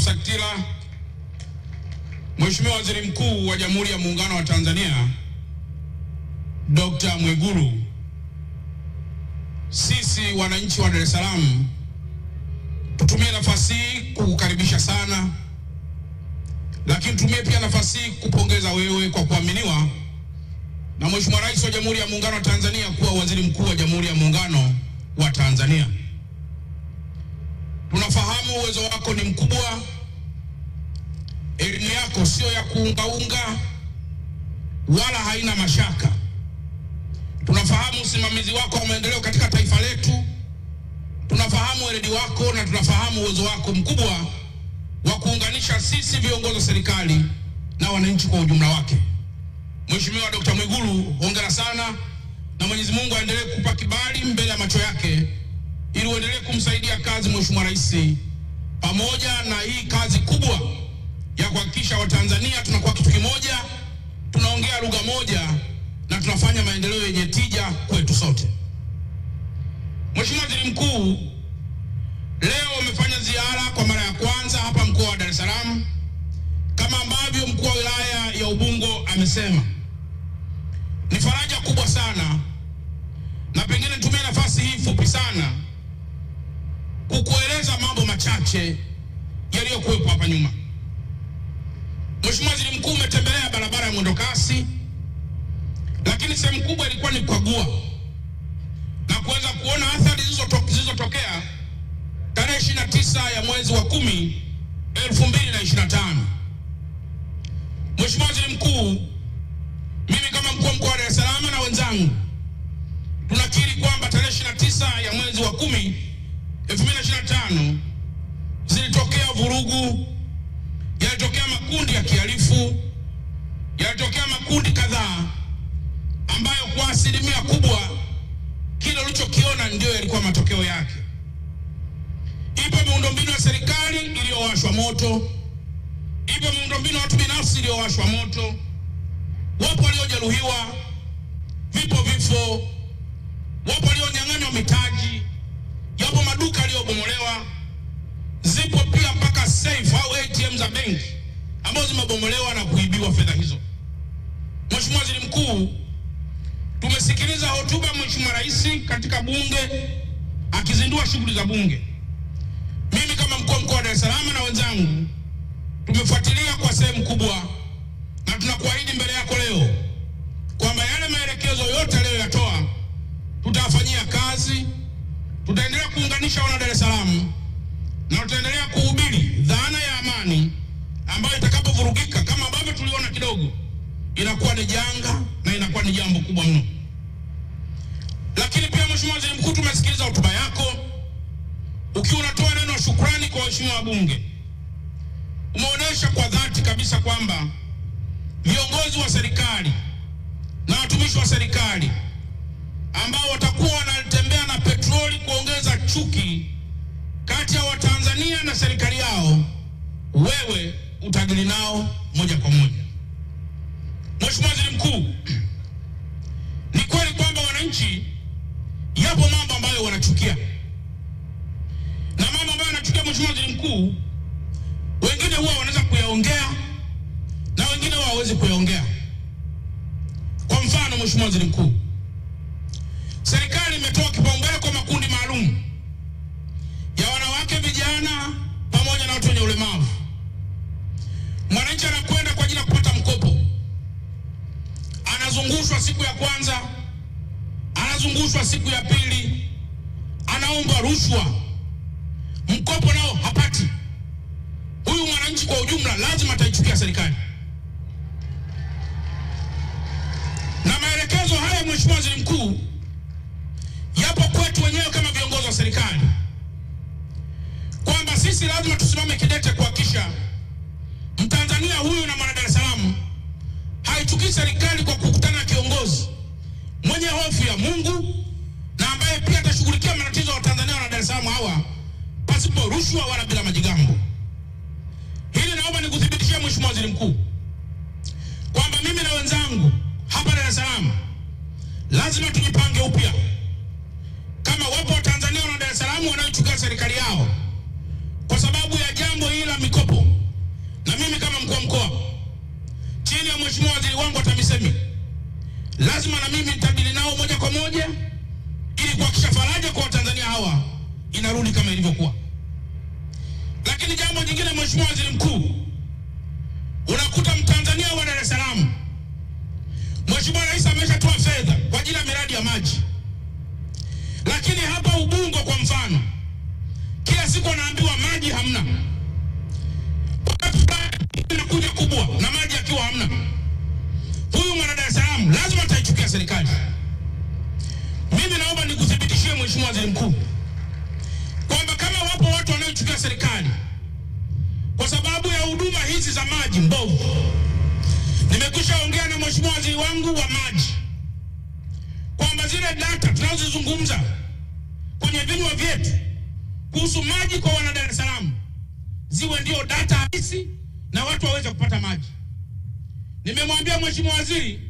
Sakatila, Mheshimiwa Waziri Mkuu wa Jamhuri ya Muungano wa Tanzania Dr. Mwigulu, sisi wananchi wa Dar es Salaam tutumie nafasi hii kukukaribisha sana, lakini tutumie pia nafasi hii kupongeza wewe kwa kuaminiwa na Mheshimiwa Rais wa Jamhuri ya Muungano wa Tanzania kuwa Waziri Mkuu wa Jamhuri ya Muungano wa Tanzania unafahamu uwezo wako ni mkubwa, elimu yako sio ya kuungaunga wala haina mashaka. Tunafahamu usimamizi wako wa maendeleo katika taifa letu, tunafahamu weledi wako na tunafahamu uwezo wako mkubwa wa kuunganisha sisi viongozi wa serikali na wananchi kwa ujumla wake. Mheshimiwa Dkt. Mwigulu, hongera sana na Mwenyezi Mungu aendelee kukupa kibali mbele ya macho yake ili uendelee kumsaidia kazi Mheshimiwa Rais pamoja na hii kazi kubwa ya kuhakikisha Watanzania tunakuwa kitu kimoja, tunaongea lugha moja na tunafanya maendeleo yenye tija kwetu sote. Mheshimiwa Waziri Mkuu, leo umefanya ziara kwa mara ya kwanza hapa mkoa wa Dar es Salaam kama ambavyo mkuu wa wilaya ya Ubungo amesema. Ni faraja kubwa sana na pengine nitumie nafasi hii fupi sana kukueleza mambo machache yaliyokuwepo hapa nyuma. Mheshimiwa Waziri Mkuu, umetembelea barabara ya mwendokasi, lakini sehemu kubwa ilikuwa ni kukagua na kuweza kuona athari zilizotokea tarehe tisa ya mwezi wa na tano. Mheshimiwa Waziri Mkuu, mimi kama mkuu wa mkoa wa Dar es Salaam na wenzangu tunakiri kwamba tarehe tisa ya mwezi wa 10 2025 zilitokea vurugu, yalitokea makundi ya kihalifu, yalitokea makundi kadhaa ambayo kwa asilimia kubwa kile ulichokiona ndio yalikuwa matokeo yake. Ipo miundombinu ya serikali iliyowashwa moto, ipo miundombinu ya watu binafsi iliyowashwa moto, wapo waliojeruhiwa, vipo vifo, wapo walionyang'anywa mitaji, yapo maduka yaliyobomolewa. Zipo pia mpaka safe au ATM za benki ambazo zimebomolewa na kuibiwa fedha hizo. Mheshimiwa Waziri Mkuu, tumesikiliza hotuba Mheshimiwa Rais katika bunge akizindua shughuli za bunge. Mimi kama mkuu wa mkoa wa Dar es Salaam na wenzangu tumefuatilia kwa sehemu kubwa, na tunakuahidi mbele yako leo kwamba yale maelekezo yote aliyoyatoa tutafanyia kazi, tutaendelea kuunganisha wana Dar es Salaam na tutaendelea kuhubiri dhana ya amani ambayo itakapovurugika kama ambavyo tuliona kidogo, inakuwa ni janga na inakuwa ni jambo kubwa mno. Lakini pia Mheshimiwa Waziri Mkuu, tumesikiliza hotuba yako ukiwa unatoa neno shukrani kwa waheshimiwa wabunge. Umeonyesha kwa dhati kabisa kwamba viongozi wa serikali na watumishi wa serikali ambao watakuwa wanatembea na petroli kuongeza chuki kati ya Watanzania na serikali yao, wewe utadili nao moja kwa moja. Mheshimiwa Waziri Mkuu, ni kweli kwamba wananchi, yapo mambo ambayo wanachukia na mambo ambayo wanachukia, Mheshimiwa Waziri Mkuu, wengine huwa wanaweza kuyaongea na wengine huwa hawawezi kuyaongea. Kwa mfano, Mheshimiwa Waziri Mkuu, serikali imetoa kipaumbele vijana pamoja na watu wenye ulemavu. Mwananchi anakwenda kwa ajili ya kupata mkopo, anazungushwa siku ya kwanza, anazungushwa siku ya pili, anaomba rushwa, mkopo nao hapati. Huyu mwananchi kwa ujumla lazima ataichukia serikali. Na maelekezo haya, Mheshimiwa Waziri Mkuu, yapo kwetu wenyewe kama viongozi wa serikali sisi lazima tusimame kidete kuhakikisha mtanzania huyu na mwana Dar es Salaam haichuki serikali kwa kukutana na kiongozi mwenye hofu ya Mungu na ambaye pia atashughulikia matatizo ya Watanzania wana Dar es Salaam hawa pasipo rushwa wala bila majigambo. Hili naomba nikuthibitishie Mheshimiwa Waziri Mkuu kwamba mimi na wenzangu hapa Dar es Salaam lazima tujipange upya. Kama wapo Watanzania wana Dar es Salaam wanaochukia serikali yao sababu ya jambo hili la mikopo, na mimi kama mkuu wa mkoa chini ya mheshimiwa waziri wangu wa TAMISEMI, lazima na mimi nitabili nao moja kwa moja ili kuhakikisha faraja kwa Watanzania hawa inarudi kama ilivyokuwa. Lakini jambo jingine, mheshimiwa waziri mkuu, unakuta mtanzania wa Dar es Salaam, mheshimiwa rais ameshatoa fedha kwa ajili ya miradi ya maji, lakini hapa Ubungo kwa mfano siku anaambiwa maji hamna, inakuja kubwa na maji akiwa hamna. Huyu mwana Dar es Salaam lazima ataichukia serikali. Mimi naomba nikuthibitishie Mheshimiwa Waziri Mkuu kwamba kama wapo watu wanaochukia serikali kwa sababu ya huduma hizi za maji mbovu, nimekwisha ongea na mheshimiwa waziri wangu wa maji kwamba zile data tunazozungumza kwenye vinywa vyetu kuhusu maji kwa wana Dar es Salaam ziwe ndio data halisi na watu waweze kupata maji. Nimemwambia mheshimiwa waziri,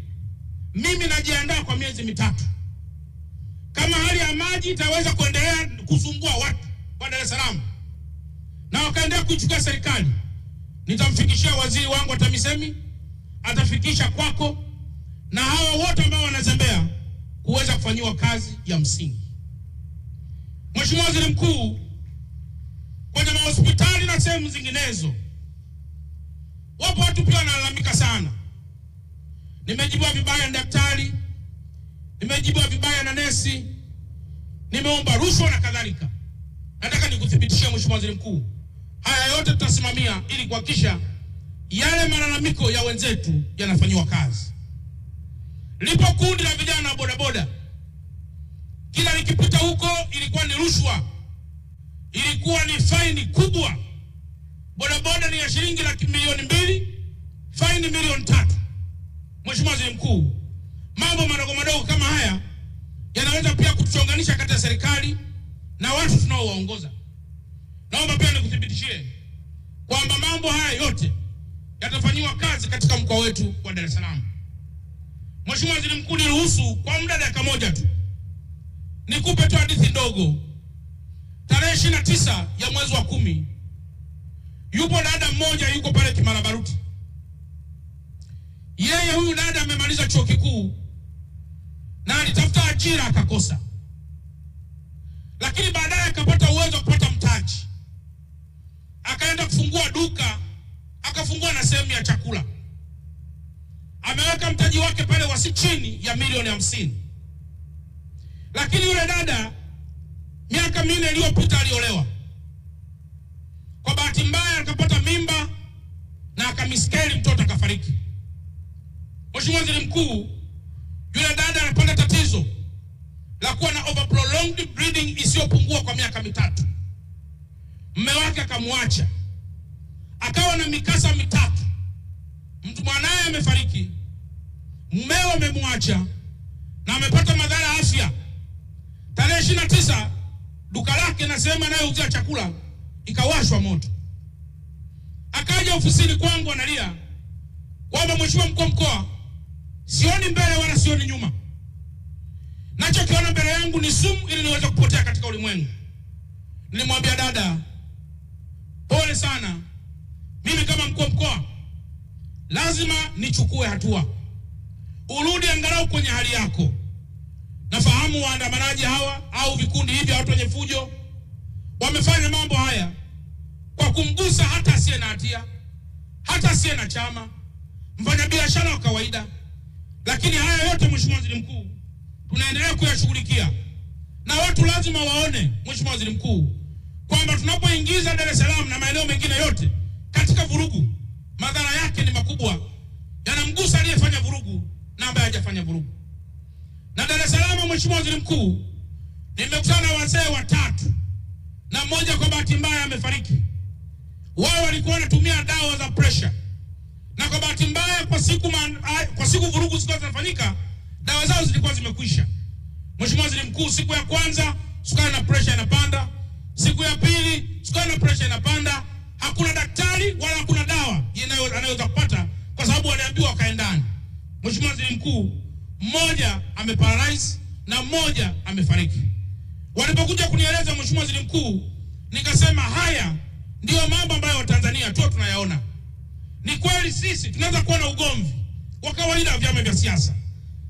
mimi najiandaa kwa miezi mitatu. Kama hali ya maji itaweza kuendelea kusumbua watu wa Dar es Salaam na wakaendelea kuichukia serikali, nitamfikishia waziri wangu wa TAMISEMI, atafikisha kwako na hawa wote ambao wanazembea kuweza kufanyiwa kazi ya msingi. Mheshimiwa Waziri Mkuu hospitali na sehemu zinginezo. Wapo watu pia wanalalamika sana, nimejibiwa vibaya na daktari, nimejibiwa vibaya na nesi, nimeomba rushwa na kadhalika. Nataka nikuthibitishie Mheshimiwa Waziri Mkuu, haya yote tutasimamia ili kuhakikisha yale malalamiko ya wenzetu yanafanyiwa kazi. Lipo kundi la vijana bodaboda, kila nikipita huko ilikuwa ni rushwa ilikuwa ni faini kubwa. Bodaboda ni ya shilingi laki milioni mbili, faini milioni tatu. Mheshimiwa Waziri Mkuu, mambo madogo madogo kama haya yanaweza pia kutuchonganisha kati ya serikali na watu tunaowaongoza. Naomba pia nikuthibitishie kwamba mambo haya yote yatafanyiwa kazi katika mkoa wetu wa Dar es Salaam. Mheshimiwa Waziri Mkuu, niruhusu kwa muda dakika moja tu nikupe tu hadithi ndogo tarehe ishirini na tisa ya mwezi wa kumi, yupo dada mmoja yuko pale kimarabaruti Yeye huyu dada amemaliza chuo kikuu na alitafuta ajira akakosa, lakini baadaye akapata uwezo wa kupata mtaji, akaenda kufungua duka, akafungua na sehemu ya chakula. Ameweka mtaji wake pale wasi chini ya milioni hamsini, lakini yule dada Miaka minne iliyopita aliolewa, kwa bahati mbaya akapata mimba na akamiskeli, mtoto akafariki. Mheshimiwa Waziri Mkuu, yule dada anapata tatizo la kuwa na breeding isiyopungua kwa miaka mitatu. Mme wake akamwacha, akawa na mikasa mitatu. Mtu mwanaye amefariki, mmeo amemwacha na amepata madhara ya afya. Tarehe ishirini na tisa duka lake na sehemu anayouzia chakula ikawashwa moto. Akaja ofisini kwangu analia kwamba mheshimiwa mkuu mkoa, sioni mbele wala sioni nyuma, nachokiona mbele yangu ni sumu ili niweze kupotea katika ulimwengu. Nilimwambia dada, pole sana, mimi kama mkuu mkoa lazima nichukue hatua, urudi angalau kwenye hali yako Nafahamu waandamanaji hawa au vikundi hivi, watu wenye fujo, wamefanya mambo haya kwa kumgusa hata asiye na hatia, hata asiye na chama, mfanyabiashara wa kawaida. Lakini haya yote, Mheshimiwa Waziri Mkuu, tunaendelea kuyashughulikia na watu lazima waone, Mheshimiwa Waziri Mkuu, kwamba tunapoingiza Dar es Salaam na maeneo mengine yote katika vurugu, madhara yake ni makubwa, yanamgusa aliyefanya vurugu na ambaye hajafanya vurugu na Dar es Salaam Mheshimiwa Waziri Mkuu, nimekutana wazee watatu na mmoja kwa bahati mbaya amefariki. Wao walikuwa wanatumia dawa za pressure, na kwa bahati mbaya kwa siku man, kwa siku vurugu zilikuwa zinafanyika, dawa zao zilikuwa zimekwisha. Mheshimiwa Waziri Mkuu, siku ya kwanza sukari na pressure inapanda, siku ya pili sukari na pressure inapanda, hakuna daktari wala hakuna dawa anayoweza kupata kwa sababu waliambiwa wakae ndani. Mheshimiwa Waziri Mkuu, mmoja ameparalyze na mmoja amefariki. Walipokuja kunieleza Mheshimiwa Waziri Mkuu, nikasema haya ndiyo mambo ambayo Watanzania tu tunayaona. Ni kweli sisi tunaweza kuwa na ugomvi wa kawaida wa vyama vya siasa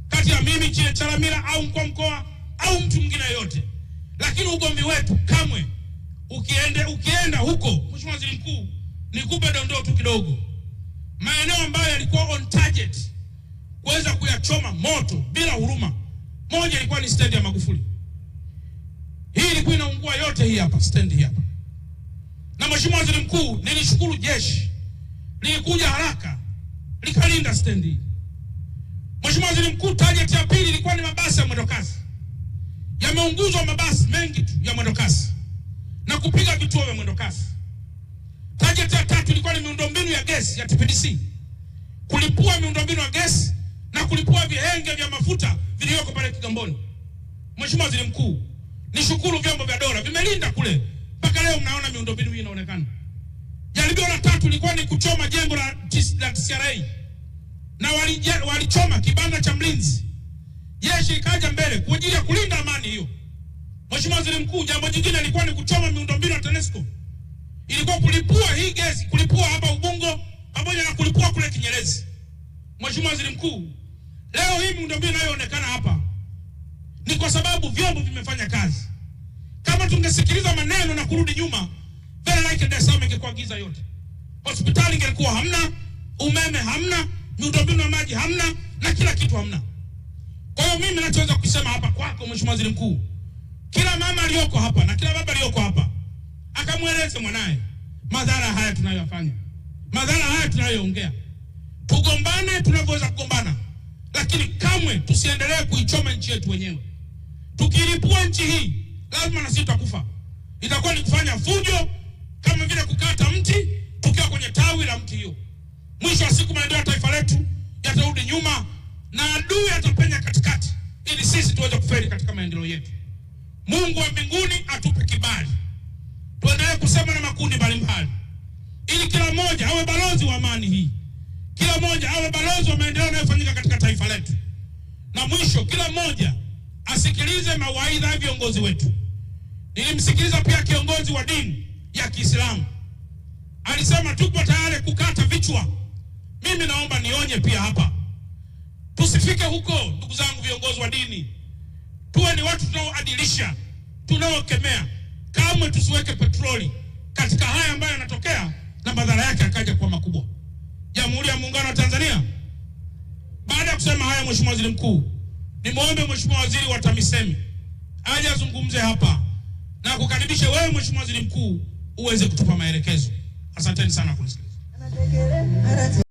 kati ya mimi Chile Chalamila au mkoa mkoa au mtu mwingine yoyote, lakini ugomvi wetu kamwe ukiende, ukienda huko. Mheshimiwa Waziri Mkuu, nikupe dondoo tu kidogo, maeneo ambayo yalikuwa on target kuweza kuyachoma moto bila huruma moja ilikuwa ni stendi ya Magufuli. Hii ilikuwa inaungua yote, hii hapa stendi hii hapa. Na Mheshimiwa Waziri Mkuu, nilishukuru jeshi lilikuja haraka likalinda stendi hii. Mheshimiwa Waziri Mkuu, target ya pili ilikuwa ni mabasi ya mwendokasi. Yameunguzwa mabasi mengi tu ya mwendokasi na kupiga vituo vya mwendokasi. Target ya tatu ilikuwa ni miundombinu ya gesi ya TPDC, kulipua miundombinu ya gesi na kulipua vihenge vya mafuta vilivyoko pale Kigamboni. Mheshimiwa Waziri Mkuu, nishukuru vyombo vya dola vimelinda kule mpaka leo, mnaona miundombinu hii inaonekana. Jaribio la tatu lilikuwa ni kuchoma jengo la TCRA na walichoma wali kibanda cha mlinzi, jeshi ikaja mbele kwa ajili ya kulinda amani hiyo. Mheshimiwa Waziri Mkuu, jambo jingine lilikuwa ni kuchoma miundombinu ya TANESCO, ilikuwa kulipua hii gesi, kulipua hapa Ubungo pamoja na kulipua kule Kinyerezi. Mheshimiwa Waziri Mkuu, Leo hii miundombinu inayoonekana hapa ni kwa sababu vyombo vimefanya kazi. Kama tungesikiliza maneno na kurudi nyuma, very likely Dar es Salaam ingekuwa giza yote. Hospitali ingekuwa hamna, umeme hamna, miundombinu ya maji hamna, na kila kitu hamna. Kwa hiyo mimi nachoweza kusema hapa kwako, Mheshimiwa Waziri Mkuu, kila mama aliyoko hapa na kila baba aliyoko hapa akamweleze mwanaye madhara haya tunayoyafanya, madhara haya tunayoongea, tugombane tunavyoweza kugombana tusiinue, tusiendelee kuichoma nchi yetu wenyewe. Tukilipua nchi hii, lazima na sisi tutakufa. Itakuwa ni kufanya fujo kama vile kukata mti tukiwa kwenye tawi la mti hiyo. Mwisho wa siku, maendeleo ya taifa letu yatarudi nyuma na adui atapenya katikati, ili sisi tuweze kufeli katika maendeleo yetu. Mungu wa mbinguni atupe kibali tuendelee kusema na makundi mbalimbali, ili kila mmoja awe balozi wa amani hii, kila mmoja awe balozi wa maendeleo yanayofanyika katika taifa letu. Na mwisho, kila mmoja asikilize mawaidha ya viongozi wetu. Nilimsikiliza pia kiongozi wa dini ya Kiislamu, alisema tupo tayari kukata vichwa. Mimi naomba nionye pia hapa, tusifike huko, ndugu zangu viongozi wa dini. Tuwe ni watu tunaoadilisha, tunaokemea. Kamwe tusiweke petroli katika haya ambayo yanatokea na madhara yake akaja kuwa makubwa. Jamhuri ya Muungano wa Tanzania baada ya kusema haya, Mheshimiwa Waziri Mkuu, nimwombe Mheshimiwa Waziri wa TAMISEMI aje azungumze hapa na kukaribisha wewe Mheshimiwa Waziri Mkuu uweze kutupa maelekezo. Asanteni sana kunisikiliza.